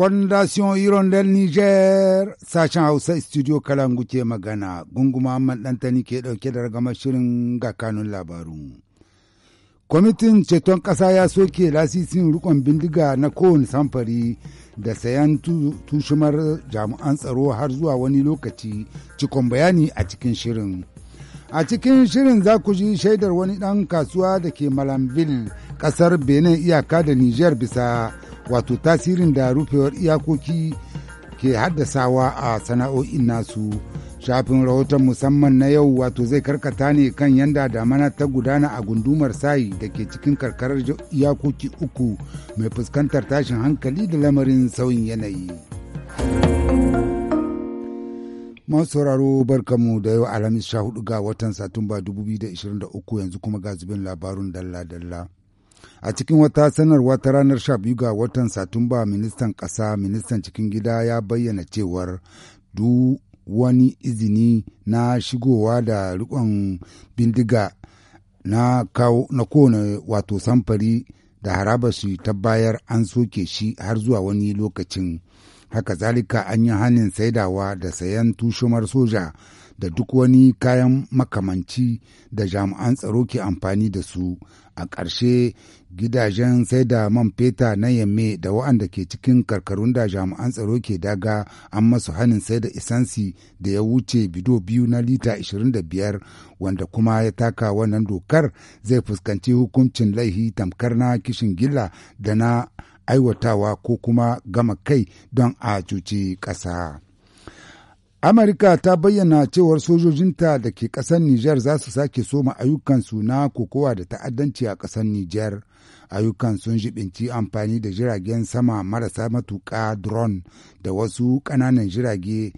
fondation hirondel niger sashen hausa studio kalangu ke magana gunguma ɗantani ke ɗauke da ragamar shirin ga kanun labaru kwamitin ceton ƙasa ya soke lasisin rikon bindiga na kowane samfari da sayan tushumar jami'an tsaro har zuwa wani lokaci cikon bayani a cikin shirin a cikin shirin za ku ji shaidar wani ɗan kasuwa da ke malambil ƙasar benin iyaka da niger bisa wato tasirin da rufewar iyakoki ke haddasawa a sana'o'in nasu shafin rahoton musamman na yau wato zai karkata ne kan yanda damana ta gudana a gundumar sai da ke cikin karkarar iyakoki uku mai fuskantar tashin hankali da lamarin sauyin yanayi masu sauraro barkamu da yau alhamis 14 ga watan satumba 2023 yanzu kuma ga zubin labarun dalla-dalla A cikin wata sanarwa ta ranar 12 ga watan Satumba ministan ƙasa ministan cikin gida ya bayyana cewar du wani izini na shigowa da riƙon bindiga na kawo na kowane wato samfari da haraba su ta bayar an soke shi har zuwa wani lokacin haka zalika an yi hannun saidawa da sayan tushumar soja da duk wani kayan makamanci da jami'an tsaro ke amfani da su a ƙarshe gidajen sai da man feta na yamme da wa'anda ke cikin karkarun da jami'an tsaro ke daga an masu hannun sai da isansi da ya wuce bido biyu na lita 25 wanda kuma ya taka wannan dokar zai fuskanci hukuncin laihi tamkar na kishin gilla da na aiwatawa ko kuma gama kai don a cuci ƙasa. Amurka ta bayyana cewar sojojinta da ke ƙasar Nijar za su sake soma ayyukansu na kokowa da ta'addanci a ƙasar Nijar. Ayyukan sun jibinci amfani da jiragen sama marasa matuƙa drone da wasu ƙananan jirage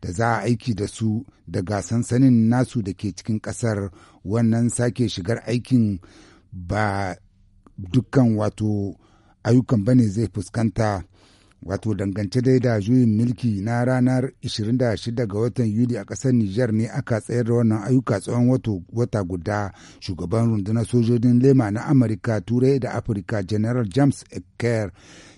da za a aiki da su daga sansanin nasu da ke cikin ƙasar wannan sake shigar aikin ba dukkan wato ayyukan bane zai fuskanta wato dangance dai da juyin milki na ranar 26 ga watan yuli a kasar Nijar ne aka tsayar da wannan ayyuka tsawon wata guda shugaban rundunar sojojin lema na Amurka Turai da Afirka General James Ecker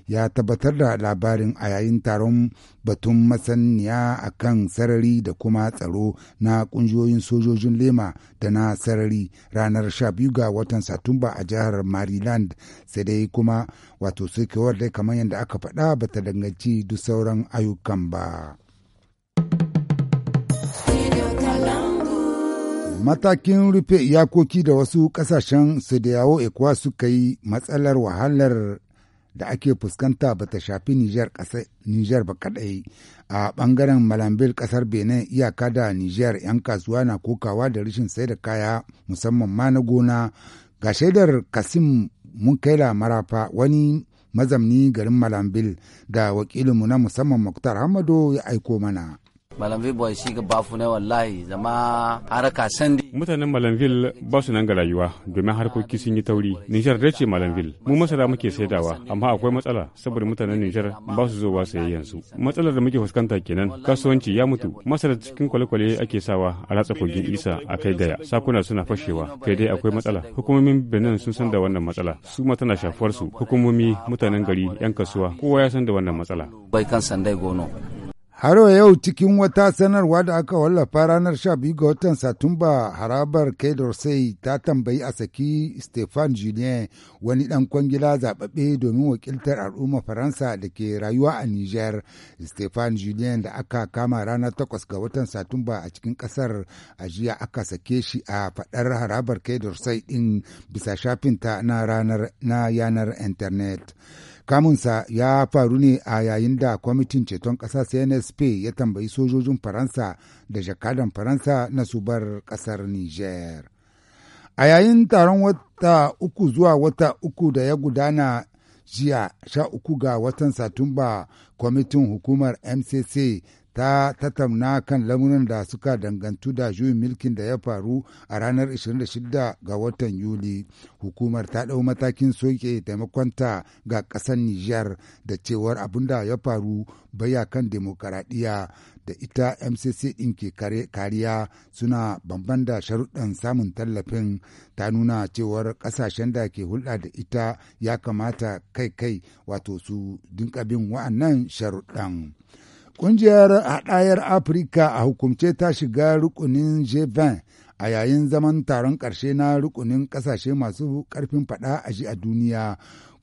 ya tabbatar da labarin a yayin taron batun masaniya a kan sarari da kuma tsaro na kungiyoyin sojojin lema da na sarari ranar 12 ga watan satumba a jihar maryland sai dai kuma wato sukewar dai kamar yadda aka faɗa ba ta danganci duk sauran ayyukan ba. matakin rufe iyakoki da wasu kasashen su da yawo ekuwa suka yi matsalar wahalar da ake fuskanta ba ta shafi Nijar Nijar ba kadai a bangaren Malambil kasar Benin iyaka da Nijar 'yan kasuwa na kokawa da rashin sai da kaya musamman ma na gona ga shaidar Kasim Munkaila Marafa wani mazamni garin Malambil da wakilinmu na musamman Muktar Hamado ya aiko mana. Malamville shi ga bafu ne wallahi zama haraka sandi. Mutanen Malamville ba su nan ga rayuwa domin harkoki sun yi tauri. Nijar dai ce Malamville. Mu masara muke saidawa amma akwai matsala saboda mutanen Nijar ba su zowa ba su. Matsalar da muke fuskanta kenan kasuwanci ya mutu. Masara cikin kwale-kwale ake sawa a ratsa kogin Isa a kai gaya. Sakuna suna fashewa kai dai akwai matsala. Hukumomin Benin sun san da wannan matsala. Su ma tana shafuwar su. Hukumomi mutanen gari 'yan kasuwa kowa ya san da wannan matsala. Bai kan sandai gono. Har yau cikin wata sanarwa da aka wallafa ranar 12 ga watan Satumba harabar sai ta tambayi a saki Stefan Julien wani ɗan kwangila zaɓaɓɓe domin wakiltar al'umma Faransa da ke rayuwa a Niger. Stefan Julien da aka kama ranar 8 ga watan Satumba a cikin ƙasar a jiya aka sake shi a faɗar harabar sai ɗin bisa shafinta na, na yanar intanet. Kamunsa ya faru ne a yayin da kwamitin ceton ƙasa CNSP ya tambayi sojojin Faransa da jakadan Faransa na su bar ƙasar Niger. A yayin taron wata uku zuwa wata uku da ya gudana jiya sha uku ga watan Satumba kwamitin hukumar MCC ta tattauna kan lamunan da suka dangantu da juyin milkin da ya faru a ranar 26 ga watan Yuli. Hukumar ta ɗau matakin soke taimakonta ga ƙasar Niger da cewar abin da ya faru baya kan demokaradiyya da ita MCC ɗin ke kariya suna bamban da sharuɗan samun tallafin ta nuna cewar ƙasashen da ke hulɗa da ita ya kamata kai kai wato su dinka bin wa'annan sharuɗan. Ƙungiyar hadayar Afirka a hukumce ta shiga rukunin G20 a yayin zaman taron ƙarshe na rukunin ƙasashe masu ƙarfin faɗa a shi a duniya.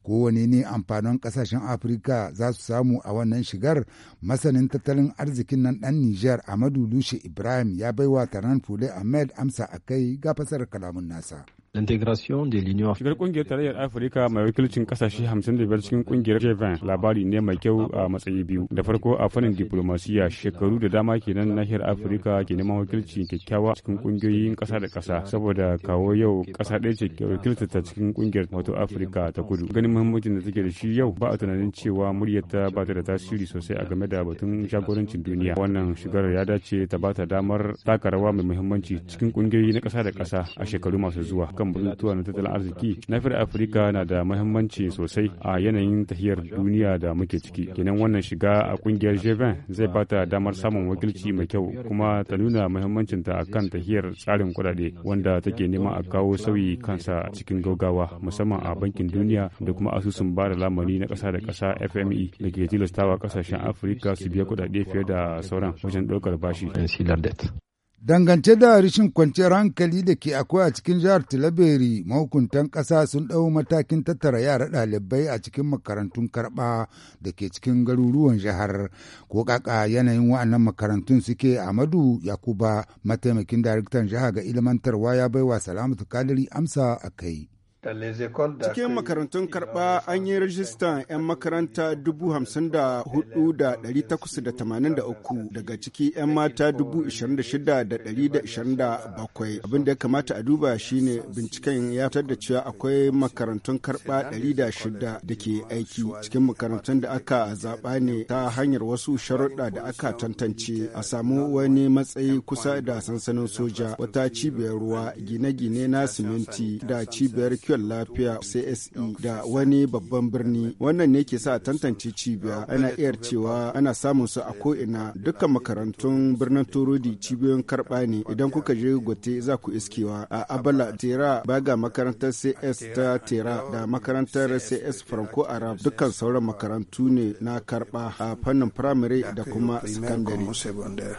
Kowane ne amfanin ƙasashen Afirka za su samu a wannan shigar masanin tattalin arzikin nan ɗan Nijar Amadu Lushe Ibrahim ya baiwa taron Fule Ahmed amsa a kai ga fasar kalamun nasa. l'intégration de l'Union. Shigar kungiyar tarayyar Afirka mai wakilcin kasashe 55 cikin kungiyar G20 labari ne mai kyau a matsayi biyu. Da farko a fannin diplomasiya shekaru da dama kenan nahiyar Afirka ke neman wakilci kyakkyawa cikin kungiyoyin kasa da kasa saboda kawo yau kasa ɗaya ce ke wakilta ta cikin kungiyar wato Afirka ta kudu. Ganin muhimmancin da take da shi yau ba a tunanin cewa muryar ta ba ta da tasiri sosai a game da batun jagorancin duniya. Wannan shigar ya dace ta ba ta damar taka rawa mai muhimmanci cikin kungiyoyi na kasa da kasa a shekaru masu zuwa. kan batutuwa na tattalin arziki nafiyar afirka na da mahimmanci sosai a yanayin tahiyar duniya da muke ciki kenan wannan shiga a kungiyar g zai bata damar samun wakilci mai kyau kuma ta nuna mahimmancinta a kan tahiyar tsarin kudade wanda take neman a kawo sauyi kansa a cikin gaugawa musamman a bankin duniya da kuma asusun ba da lamari na kasa da kasa fme da ke tilastawa kasashen afirka su biya kudade fiye da sauran wajen ɗaukar bashi. Dangance da rashin kwanciyar hankali da ke akwai a cikin jihar Tilaberi, mahukuntan ƙasa sun ɗau matakin tattara yara ɗalibai a cikin makarantun karɓa da ke cikin garuruwan jihar. Ko ƙaƙa yanayin wa'annan makarantun suke Amadu Yakuba, mataimakin daraktan jiha ga ilmantarwa ya baiwa Salamatu Kadiri amsa a kai. Cikin makarantun karɓa an yi rajistan 'yan makaranta 54,883 daga ciki 'yan mata 26,127 abinda ya kamata a duba shine binciken ya fitar da cewa akwai makarantun karɓa 106 da ke aiki cikin makarantun da aka zaɓa ne ta hanyar wasu sharuɗa da aka tantance a samu wani matsayi kusa da sansanin soja wata cibiyar ruwa gine-gine na siminti da cibiyar kyau kiwon lafiya CSE da wani babban birni wannan ne ke sa a tantance cibiya ana iya cewa ana samun su a ko'ina dukkan makarantun birnin Torodi cibiyoyin karɓa ne idan kuka je gote za ku iskewa a Abala Tera baga makarantar CS ta Tera da makarantar CS Franco Arab dukkan sauran makarantu ne na karɓa a fannin firamare da kuma sakandare.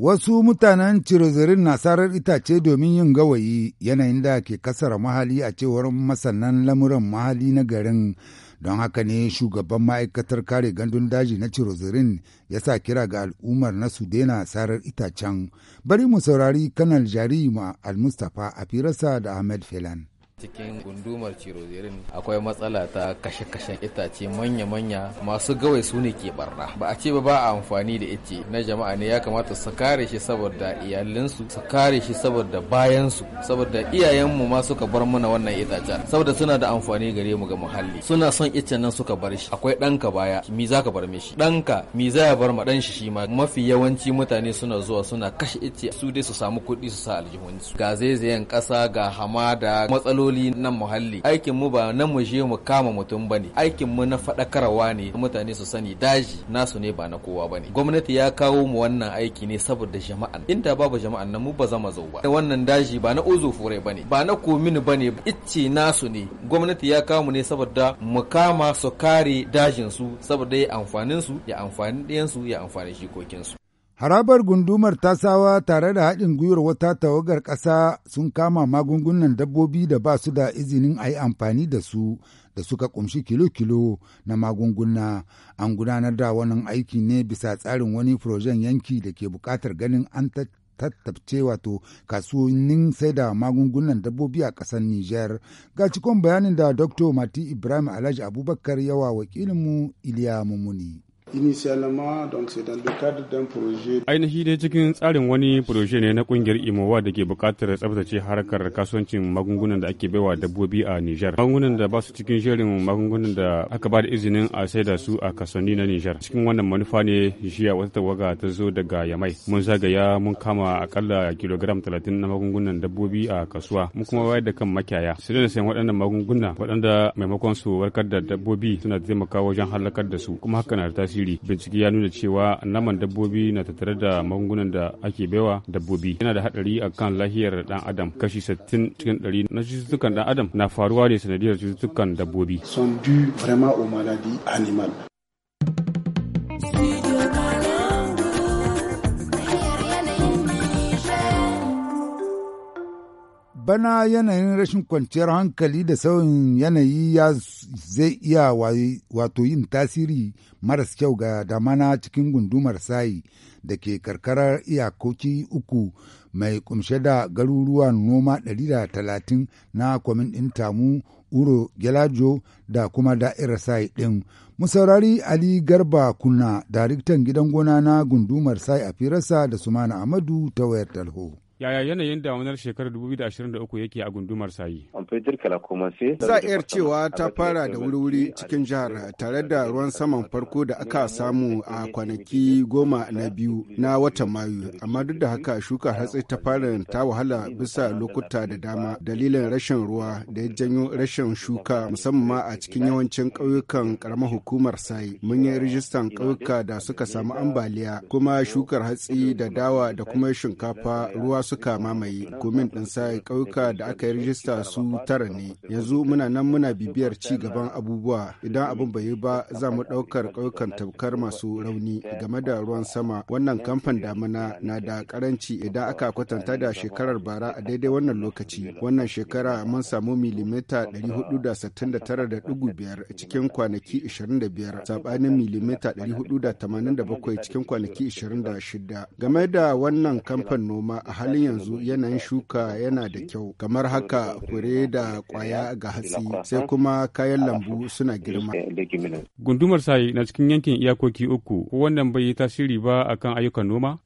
Wasu mutanen cirozirin na sarar itace domin yin gawayi yanayin da ke kasar mahali a cewar masanan lamuran mahali na garin. Don haka ne shugaban ma'aikatar kare gandun daji na cirozirin ya sa kira ga al'ummar na su daina sarar itacen. Bari mu saurari kanal jari ma al-Mustapha a firarsa da Ahmed Felan. cikin gundumar cirozerin akwai matsala ta kashe-kashen itace manya-manya masu gawai su ne ke barna ba a ce ba ba a amfani da ice na jama'a ne ya kamata su kare shi saboda iyalinsu su kare shi saboda bayansu saboda iyayenmu ma suka bar mana wannan itacen saboda suna da amfani gare mu ga muhalli suna son icen nan suka bar shi akwai ɗanka baya mi za ka bar shi? ɗanka mi za ya bar ma ɗan shi shi ma mafi yawanci mutane suna zuwa suna kashe ice su dai su samu kuɗi su sa aljihunsu ga zaizayen ƙasa ga hamada matsaloli matsaloli na muhalli aikin mu ba na mu je mu kama mutum bane aikin mu na faɗakarwa ne mutane su sani daji nasu ne ba na kowa bane gwamnati ya kawo mu wannan aiki ne saboda jama'an inda babu jama'an nan mu ba zama zau ba wannan daji ba na ozo furai bane ba na komini bane icce nasu ne gwamnati ya kawo mu ne saboda mu kama su kare dajin su saboda ya amfanin su ya amfani ɗayan su ya amfani shikokin su Harabar gundumar tasawa tare da haɗin gwiwar wata tawagar ƙasa sun kama magungunan dabbobi da ba su da izinin a yi amfani da su da suka ƙumshi kilo-kilo na magunguna. An gudanar da wannan aiki ne bisa tsarin wani furojen yanki da ke buƙatar ganin an tattabce wato kasuwannin sai da magungunan dabbobi a ƙasar Nijar. Ga cikon bayanin da Dr. Mati Ibrahim Alhaji Abubakar yawa wakilinmu Iliya Mumuni. Ainihi dai cikin tsarin wani proje ne na kungiyar Imowa da ke bukatar tsabtace harkar kasuwancin magungunan da ake baiwa dabbobi a Nijar. Magungunan da ba su cikin jerin magungunan da aka ba da izinin a saida su a kasuwanni na Nijar. Cikin wannan manufa ne jiya wata tawaga ta zo daga Yamai. Mun zagaya mun kama akalla kilogram talatin na magungunan dabbobi a kasuwa. Mun kuma wayar da kan makiyaya. Su da sayan waɗannan magunguna waɗanda maimakon su warkar da dabbobi suna taimakawa wajen halakar da su kuma hakan na tasiri tasiri bincike ya nuna cewa naman dabbobi na tattare da magungunan da ake baiwa dabbobi yana da hadari kan lahiyar dan adam kashi 60 cikin 100 na cututtukan dan adam na faruwa ne sanadiyar cututtukan dabbobi sont dus vraiment aux maladies bana yanayin rashin kwanciyar hankali da sauyin yanayi ya zai iya wato yin tasiri maras kyau ga damana cikin gundumar sayi da ke karkarar iyakoki uku mai kumshe da garuruwan noma 130 na kwamin ɗin tamu uro gelajo da kuma da'irar sai ɗin musaurari ali garba kuna daraktan gidan gona na gundumar sai a firarsa da sumana amadu ta wayar talho. Yaya yanayin damunar shekarar 2023 yake a gundumar sayi? Za a iya cewa ta fara da wuri-wuri cikin jihar tare da ruwan saman farko da aka samu a kwanaki goma na biyu na watan Mayu. Amma duk da haka shuka hatsi ta fara ta wahala bisa lokuta da dama dalilin rashin ruwa da ya janyo rashin shuka musamman a cikin yawancin ƙauyukan ƙaramar hukumar sayi. Mun yi rijistan ƙauyuka da suka samu ambaliya kuma shukar hatsi da dawa da kuma shinkafa ruwa suka mamaye gomin ɗin sai ƙauyuka da aka yi rijista su tara ne yanzu muna nan muna bibiyar ci gaban abubuwa idan abin bai yi ba za mu ɗaukar ƙauyukan taukar masu rauni game da ruwan sama wannan kamfan damuna na da karanci idan aka kwatanta da shekarar bara a daidai wannan lokaci wannan shekara mun samu milimita 469.5 cikin kwanaki 25 sabanin milimita 487 cikin kwanaki 26 game da wannan kamfan noma a halin yanzu yanayin shuka yana da kyau kamar haka fure da kwaya ga hatsi sai kuma kayan lambu suna girma. Gundumar sai na cikin yankin iyakoki uku wannan bai yi tasiri ba akan ayyukan noma?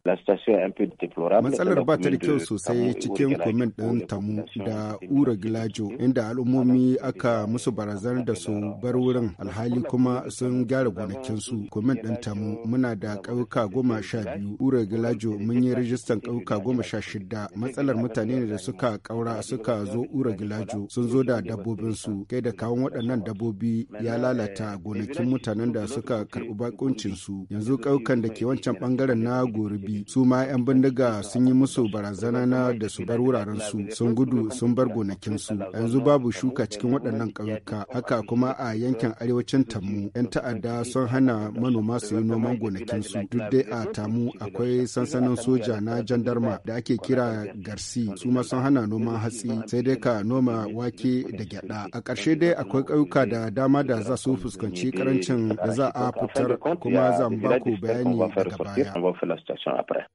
Matsalar ba ta da kyau sosai cikin kwamin ɗin tamu da ura gilajo inda al'ummomi aka musu barazan da su bar wurin alhali kuma sun gyara su kwamin ɗin tamu muna da ƙauyuka goma sha biyu ura gilajo mun yi rijistan ƙauyuka goma sha shida da matsalar mutane ne da suka kaura suka zo ura gilaju sun zo da dabbobinsu kai da kawun waɗannan dabbobi ya lalata gonakin mutanen da suka karɓi bakuncinsu yanzu ƙaukan da ke wancan ɓangaren na goribi su ma 'yan bindiga sun yi musu barazana na da su bar wurarensu sun gudu sun bar gonakinsu yanzu babu shuka cikin waɗannan ƙauyuka haka kuma a yankin arewacin tamu 'yan ta'adda sun hana manoma su yi noman gonakinsu duk dai a tamu akwai sansanin soja na jandarma da ake kira garsi su ma sun hana noman hatsi sai dai ka noma wake da gyada a ƙarshe dai akwai ƙauyuka da dama da za su fuskanci karancin da za a fitar kuma zan ba ku bayani daga baya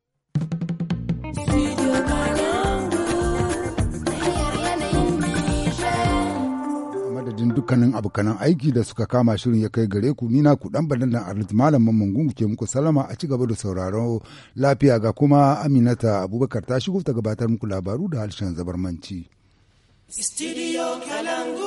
madadin dukkanin abokanan aiki da suka kama shirin ya kai gare ku nina ku dan badan arziki malam mamman gungu ke muku salama a cigaba da sauraron lafiya ga kuma Aminata Abubakar ta shigo ta gabatar muku labaru da harshen zabarmanci. Studio Kalangu.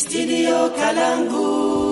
Studio Kalangu.